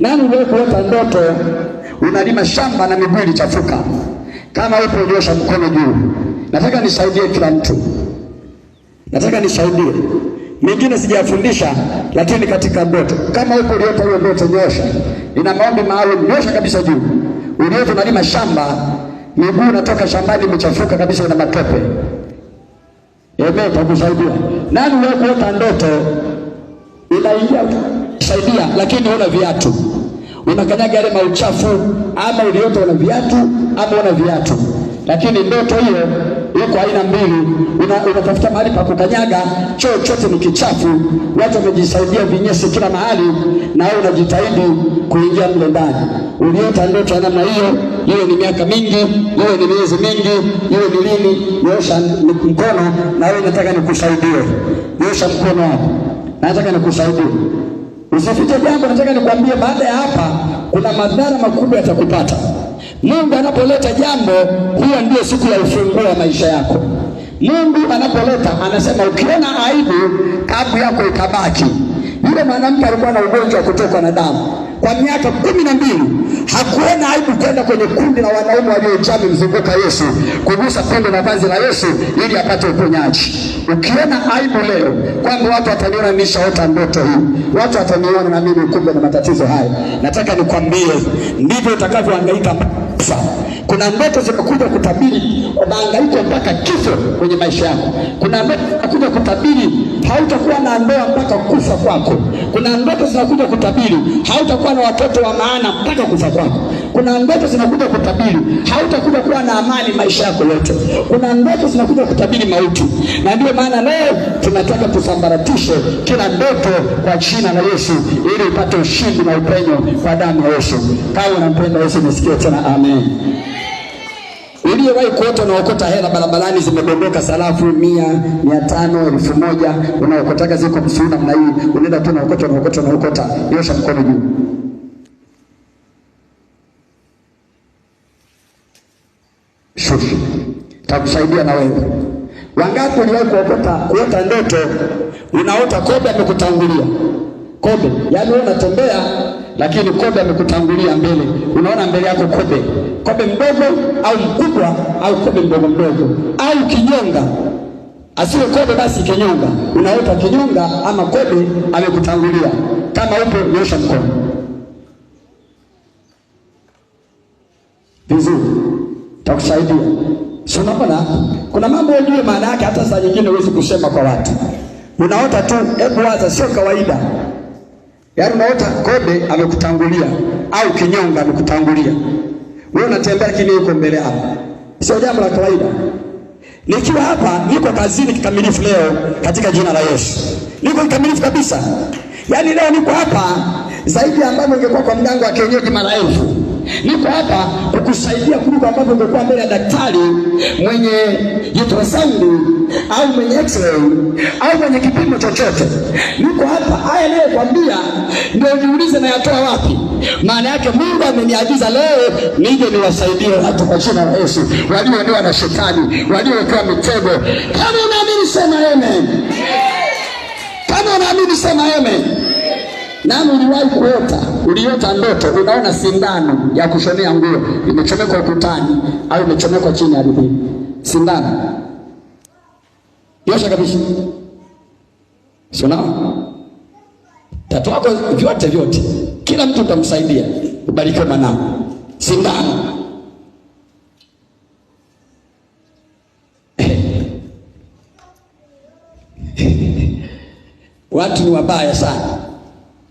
Nani uliwahi ndoto unalima shamba na miguu ilichafuka? Kama upo unyosha mkono juu. Nataka nisaidie kila mtu, nataka nisaidie. Mengine sijafundisha, lakini katika ndoto, kama upo uliota hiyo ndoto, nyosha. Ina maombi maalum, nyosha kabisa juu. Uliota unalima shamba, miguu natoka shambani imechafuka kabisa, ina matope. Eme, takusaidia. Nani uliwahi ndoto inaingia kukusaidia, lakini huna viatu, unakanyaga yale mauchafu, ama uliota una viatu ama una viatu. Lakini ndoto hiyo yuko aina mbili, unatafuta una mahali pa kukanyaga, chochote ni kichafu, watu wamejisaidia vinyesi kila mahali, na wewe unajitahidi kuingia mle ndani. Uliota ndoto ya namna hiyo, iwe ni miaka mingi, iwe ni miezi mingi, iwe ni lini, nyosha mkono na wewe, nataka nikusaidie. Nyosha mkono wako, nataka nikusaidie. Usifiche jambo, nataka nikwambie, baada ya hapa kuna madhara makubwa yatakupata. Mungu anapoleta jambo, huwa ndio siku ya ufunguo wa maisha yako. Mungu anapoleta anasema, ukiona aibu, tabu yako ikabaki Yule mwanamke alikuwa na ugonjwa wa kutokwa na damu kwa miaka kumi na mbili hakuona aibu kwenda kwenye kundi la wanaume waliojaa mzunguka Yesu, kugusa kondo na vazi la Yesu ili apate uponyaji. Ukiona aibu leo kwamba watu wataniona nishaota ndoto hii, watu wataniona na mimi kumbe na matatizo haya, nataka nikwambie, ndivyo utakavyohangaika mpaka kuna ndoto zinakuja kutabiri mahangaiko mpaka kifo kwenye maisha yako. Kuna ndoto zinakuja kutabiri hautakuwa na ndoa mpaka kufa kwako. Kuna ndoto zinakuja kutabiri hautakuwa na watoto wa maana mpaka kufa kwako. Kuna ndoto zinakuja kutabiri hautakuja kuwa na amani maisha yako yote. Kuna ndoto zinakuja kutabiri mauti, na ndiyo maana leo tunataka tusambaratishe kila ndoto kwa jina la Yesu, ili upate ushindi na upenyo kwa damu ya Yesu. Kama unampenda Yesu, nisikie tena amen uliyewahi kuota unaokota hela barabarani zimedondoka sarafu mia, mia tano, elfu moja unaokotaga ziko msuu namna hii, unaenda tu unaokota unaokota unaokota, nyosha mkono juu. Shusha, takusaidia na wewe. Wangapi uliwahi kuokota kuota ndoto unaota kobe amekutangulia? Kobe, yaani unatembea lakini kobe amekutangulia mbele. Unaona mbele yako kobe, kobe mdogo au mkubwa au kobe mdogo mdogo au kinyonga, asiwe kobe basi kinyonga. Unaota kinyonga ama kobe amekutangulia. Kama upo nyosha mkono vizuri, takusaidia. Si unaona kuna mambo ujue maana yake, hata saa nyingine huwezi kusema kwa watu, unaota tu. Hebu waza, sio kawaida Yaani unaota kobe amekutangulia au kinyonga amekutangulia. Wewe unatembea lakini yuko mbele hapa. Sio jambo la kawaida. Nikiwa hapa niko kazini kikamilifu leo katika jina la Yesu. Niko kikamilifu kabisa. Yaani leo niko hapa zaidi ambavyo ungekuwa kwa mdango wa kienyeji mara elfu. Niko hapa kukusaidia kuliko ambavyo ungekuwa mbele ya daktari mwenye ultrasound au mwenye x-ray au mwenye kipimo chochote. Niko hapa, haya nayokwambia ndio niulize na yatoa wapi? Maana yake Mungu ameniagiza leo nije niwasaidie watu kwa jina la Yesu, walioondoa na shetani, waliowekewa mitego. Kama unaamini sema amen, kama unaamini sema amen. Nani uliwahi kuota, uliota ndoto unaona sindano ya kushonea nguo imechomekwa ukutani au imechomekwa chini ardhini? Sindano yosha kabisa, sio na tatu wako vyote vyote, kila mtu utamsaidia, ubarikiwe manao Sindano watu ni wabaya sana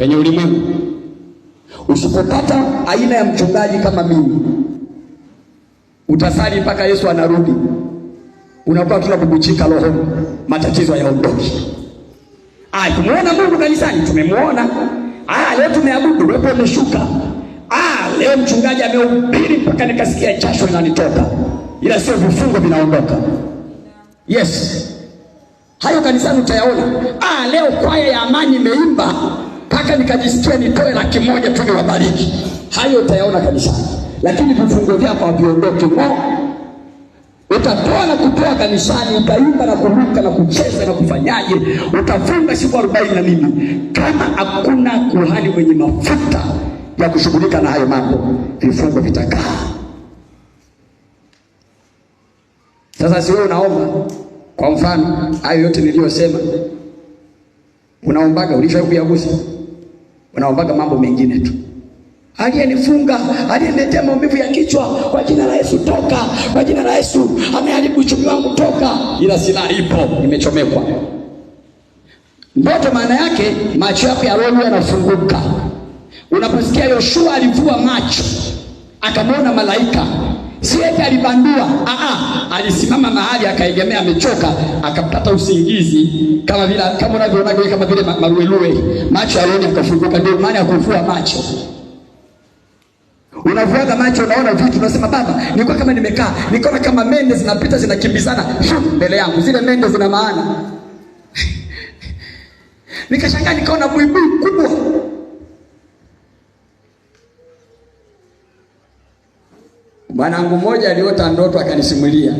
kwenye ulimwengu. Usipopata aina ya mchungaji kama mimi, utasali mpaka Yesu anarudi, unakuwa kubuchika roho, matatizo hayaondoki. Ah, tumeona Mungu kanisani, tumemwona. Ah, leo tumeabudu, roho imeshuka. Ah, leo mchungaji amehubiri mpaka nikasikia jasho linanitoka, ila sio vifungo vinaondoka. Yes, hayo kanisani utayaona. Ah, leo kwaya ya amani imeimba mpaka nikajisikia nitoe laki moja tu niwabariki. Hayo utayaona kanisani, lakini vifungo vyako haviondoki mo. Utatoa na kutoa kanisani, utaimba na kuruka na kucheza na kufanyaje, utafunga siku arobaini na mimi, kama hakuna kuhani mwenye mafuta ya kushughulika na hayo mambo, vifungo vitakaa. Sasa si wewe unaomba, kwa mfano hayo yote niliyosema, unaombaga ulishakuyagusa wanaombaga mambo mengine tu. Aliyenifunga, aliyeniletea maumivu ya kichwa, kwa jina la Yesu toka, kwa jina la Yesu ameharibu uchumi wangu toka, ila silaha ipo, nimechomekwa. Ndoto maana yake macho yako ya roho yanafunguka. Unaposikia Yoshua alivua macho akamwona malaika si eti alibandua. Aa, ah, ah, alisimama mahali akaegemea, amechoka, akapata usingizi kama vile kama unavyoona kama vile maruelue, macho yalioni akafunguka. Ndio maana ya kufua macho. Unavuaga macho, unaona vitu, unasema baba, nilikuwa kama nimekaa, nikaona kama mende zinapita zinakimbizana mbele yangu, zile mende zina maana. Nikashangaa, nikaona buibui kubwa Mwanangu mmoja aliota ndoto akanisimulia,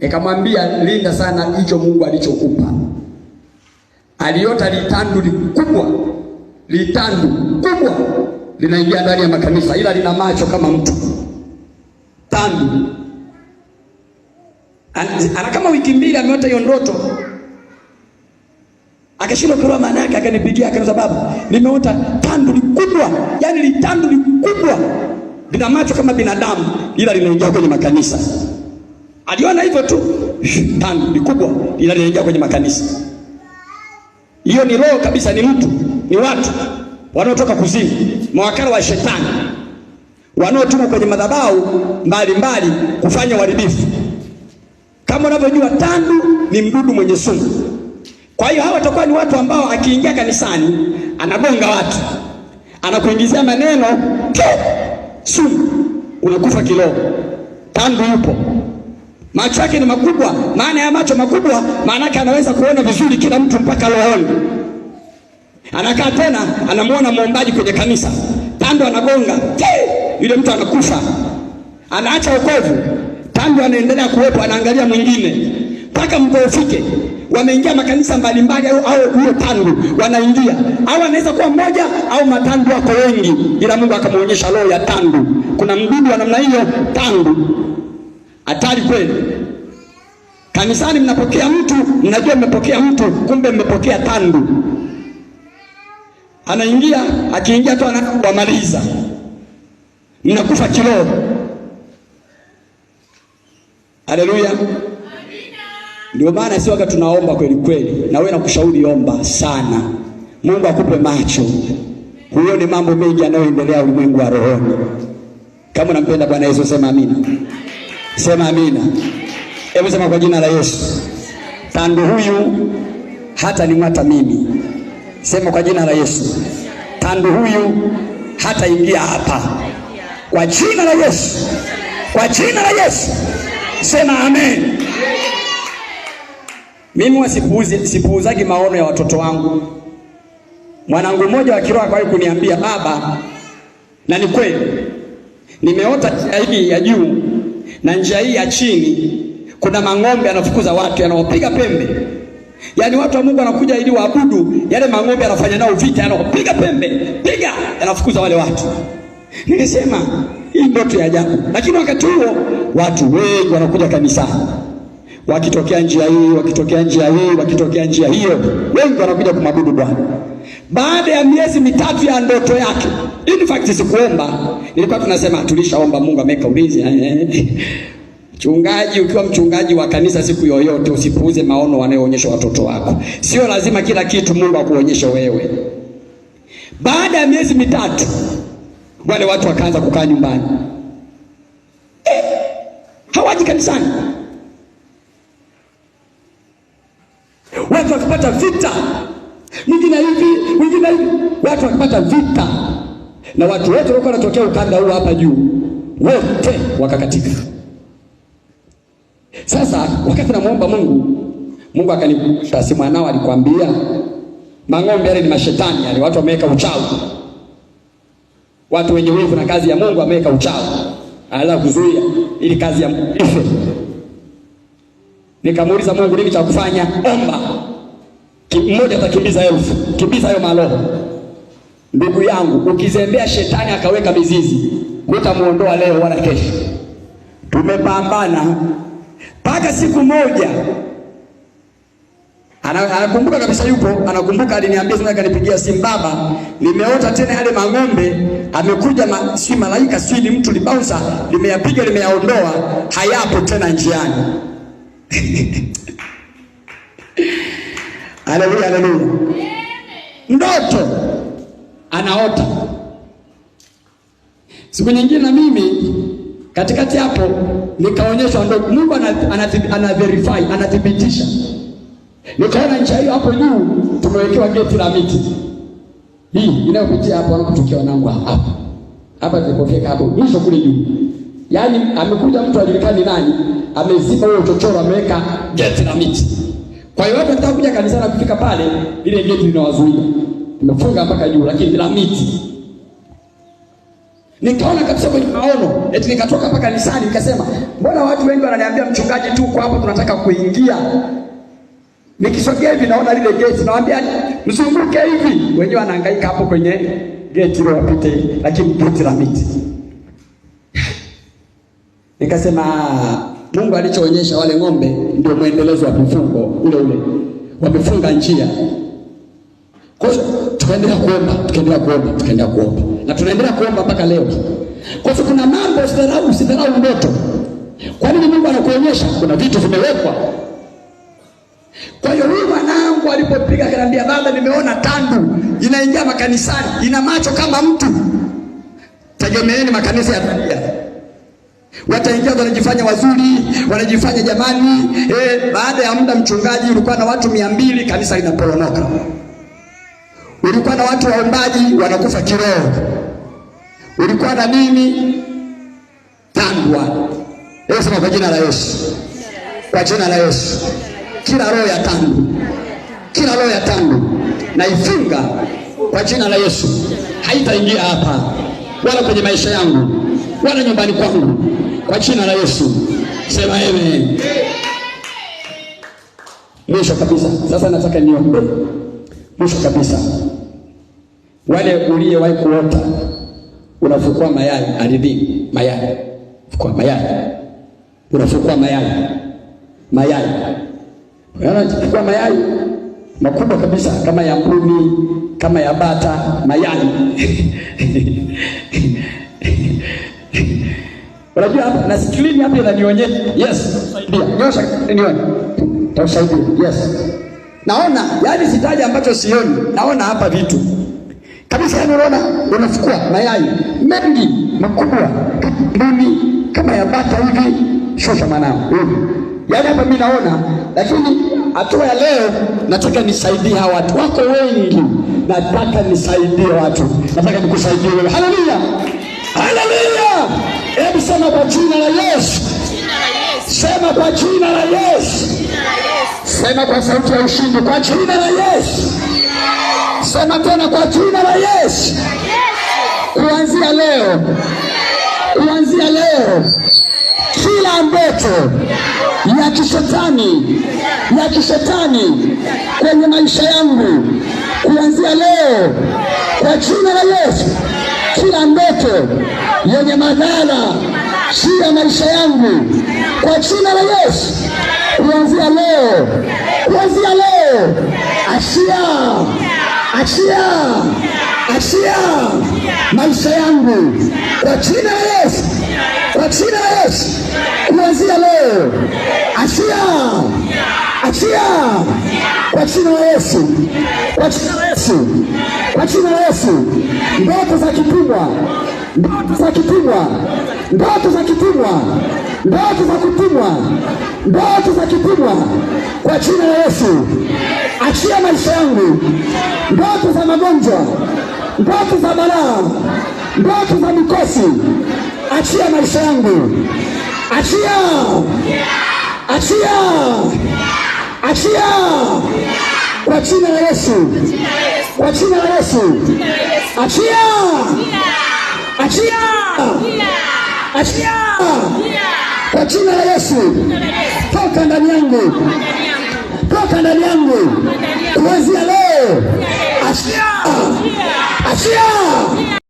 nikamwambia linda sana hicho Mungu alichokupa. Aliota litandu likubwa, litandu kubwa linaingia ndani ya makanisa, ila lina macho kama mtu tandu. Ana kama wiki mbili ameota hiyo ndoto, akashindwa kuelewa maana yake, akanipigia akaniambia, baba, nimeota tandu likubwa, yani litandu likubwa lina macho kama binadamu, ila linaingia kwenye makanisa. Aliona hivyo tu, tano ni kubwa, ila linaingia kwenye makanisa. Hiyo ni roho kabisa, ni mtu, ni watu wanaotoka kuzimu, mawakala wa shetani wanaotumwa kwenye madhabahu mbalimbali kufanya uharibifu. Kama unavyojua tandu ni mdudu mwenye sumu. Kwa hiyo hawa watakuwa ni watu ambao akiingia kanisani anagonga watu, anakuingizia maneno sumu, unakufa kiroho. tandu yupo, macho yake ni makubwa. Maana ya macho makubwa, maana yake anaweza kuona vizuri kila mtu mpaka rohoni. Anakaa tena, anamwona mwombaji kwenye kanisa, tandu anagonga yule mtu anakufa, anaacha wokovu. tandu anaendelea kuwepo, anaangalia mwingine mpaka mgoofike wameingia makanisa mbalimbali au huo tandu wanaingia, au anaweza kuwa mmoja au matandu wako wengi, ila Mungu akamwonyesha roho ya tandu. Kuna mdudu wa namna hiyo, tandu. Hatari kweli. Kanisani mnapokea mtu, mnajua mmepokea mtu, kumbe mmepokea tandu. Anaingia, akiingia tu anawamaliza, mnakufa kiroho. Haleluya! Ndio maana sisi waga tunaomba kweli kweli, na wewe nakushauri omba sana, Mungu akupe macho uone mambo mengi yanayoendelea ulimwengu wa rohoni. Kama unampenda Bwana Yesu, sema amina, sema amina. Hebu sema kwa jina la Yesu, tando huyu hata ning'ata mimi. Sema kwa jina la Yesu, tando huyu hata ingia hapa, kwa jina la Yesu, kwa jina la Yesu. Sema amen. Mimi sipuuzi sipuuzagi maono ya watoto wangu. Mwanangu mmoja wa kiroho akawahi kuniambia baba, na ni kweli, nimeota njia hii ya juu na njia hii ya chini, kuna mang'ombe anafukuza watu, yanaopiga pembe. Yaani watu wa Mungu wanakuja ili waabudu, yale mang'ombe anafanya nao vita, yanaopiga pembe, piga, yanafukuza wale watu. Nilisema hii ndoto ya ajabu, lakini wakati huo watu wengi wanakuja kanisani wakitokea njia hii, wakitokea njia hii, wakitokea njia hiyo, wengi wanakuja kumwabudu Bwana. Baada ya miezi mitatu ya ndoto yake, in fact sikuomba, nilikuwa tunasema tulishaomba, Mungu ameweka ulinzi eh, eh, eh. Mchungaji, ukiwa mchungaji wa kanisa siku yoyote, usipuuze maono wanayoonyesha watoto wako. Sio lazima kila kitu Mungu akuonyeshe wewe. Baada ya miezi mitatu, wale watu wakaanza kukaa nyumbani, eh, hawaji kanisani. watu wakipata vita, mwingine hivi, mwingine hivi, watu wakipata vita, na watu wote walikuwa wanatokea ukanda huu hapa juu, wote wakakatika. Sasa wakati namwomba Mungu, Mungu akanikumbusha, si mwanao alikwambia mang'ombe yale ni mashetani yale, watu wameweka uchawi, watu wenye wivu na kazi ya Mungu wameweka uchawi, anaweza kuzuia ili kazi ya Mungu ife. Nikamuuliza Mungu, nini cha kufanya? Omba mmoja, atakimbiza elfu. Kimbiza hayo maloho. Ndugu yangu, ukizembea shetani akaweka mizizi, hutamuondoa leo wala kesho. Tumepambana mpaka siku moja anakumbuka kabisa, yupo anakumbuka, aliniambia sasa, kanipigia simu, baba, nimeota tena yale mang'ombe, amekuja ma, si malaika si ni mtu libausa, limeyapiga limeyaondoa, hayapo tena njiani. Haleluya, haleluya. Ndoto anaota. Siku nyingine na mimi katikati hapo nikaonyeshwa ndoto. Mungu ana verify anathibitisha. Nikaona njia hiyo hapo juu tumewekewa geti la miti hii inayopitia hapo wanakutukia wanangu hapa hapa nilipofika hapo mwisho kule juu, yaani amekuja mtu ajulikani nani ameziba huo uchochoro, ameweka geti la miti. Kwa hiyo watu wanataka kuja kanisa na kufika pale, ile geti linawazuia, nimefunga mpaka juu, lakini la miti. Nikaona kabisa kwenye maono, eti nikatoka mpaka kanisani, nikasema mbona watu wengi wananiambia mchungaji, tuko hapo, tunataka kuingia Nikisogea hivi naona lile geti, nawaambia mzunguke hivi, wenyewe wanahangaika hapo kwenye geti ile wapite, lakini geti la miti nikasema ah, Mungu alichoonyesha wale ng'ombe ndio mwendelezo wa mfungo ule ule, wamefunga njia. Kwa hiyo tukaendelea kuomba, tukaendelea kuomba, tukaendelea kuomba na tunaendelea kuomba mpaka leo. Kwa hiyo kuna mambo usidharau, usidharau ndoto. Kwa nini? Mungu anakuonyesha kuna vitu vimewekwa. Kwa hiyo huyu mwanangu alipopiga kanambia, baba, nimeona tandu inaingia makanisani, ina macho kama mtu. Tegemeeni makanisa ya Wataingia wanajifanya wazuri, wanajifanya jamani. Eh, baada ya muda, mchungaji, ulikuwa na watu mia mbili, kanisa linaporomoka. Ulikuwa na watu waombaji, wanakufa kiroho. Ulikuwa na nini? Tangwa. Hebu eh, sema kwa jina la Yesu, kwa jina la Yesu, kila roho ya tangu, kila roho ya tangu naifunga kwa jina la Yesu, haitaingia hapa wala kwenye maisha yangu wala nyumbani kwangu, kwa jina la Yesu. Sema amen. Mwisho kabisa, sasa nataka niombe. Mwisho kabisa, wale uliyewahi kuota unafukua mayai ardhini, mayai fukua mayai, unafukua mayai, mayai unafukua mayai makubwa kabisa, kama ya mbuni, kama ya bata, mayai Unajua hapa na screen hapa inanionyesha. Yes. Ndio, nyosha nione. Takusaidia. Yes. Naona, yani sitaji ambacho sioni. Naona hapa vitu. Kabisa yani unaona unafukua mayai mengi makubwa duni kama ya bata hivi. Shosha mwanangu. Yaani hapa mimi naona lakini hatua ya leo nataka nisaidie hawa watu wako wengi. Nataka nisaidie watu. Nataka nikusaidie wewe. Haleluya. Haleluya. Hebu sema kwa jina la Yesu, sema kwa jina la Yesu, sema kwa sauti ya ushindi, kwa jina la Yesu, sema tena kwa jina la Yesu. Kuanzia leo, kuanzia leo, kila ndoto ya kishetani ya kishetani kwenye maisha yangu kuanzia leo, kwa jina la Yesu kila ndoto yenye madhara si ya maisha yangu kwa jina la Yesu, kuanzia leo, kuanzia leo, achia, achia, achia maisha yangu kwa jina la Yesu, kwa jina la Yesu, kuanzia leo, achia. Achia kwa jina la Yesu, kwa jina la Yesu, kwa jina la Yesu. Ndoto za kitumwa ndoto za kutumwa, ndoto za kitumwa ndoto za kutumwa, ndoto za kitumwa kwa jina la Yesu. Achia maisha yangu, ndoto za magonjwa, ndoto za balaa, ndoto za mikosi, achia maisha yangu, achia, achia. Achia kwa jina la Yesu, kwa jina la Yesu, achia, achia, achia kwa jina la Yesu. Toka ndani yangu, toka ndani yangu kuanzia leo, achia, achia.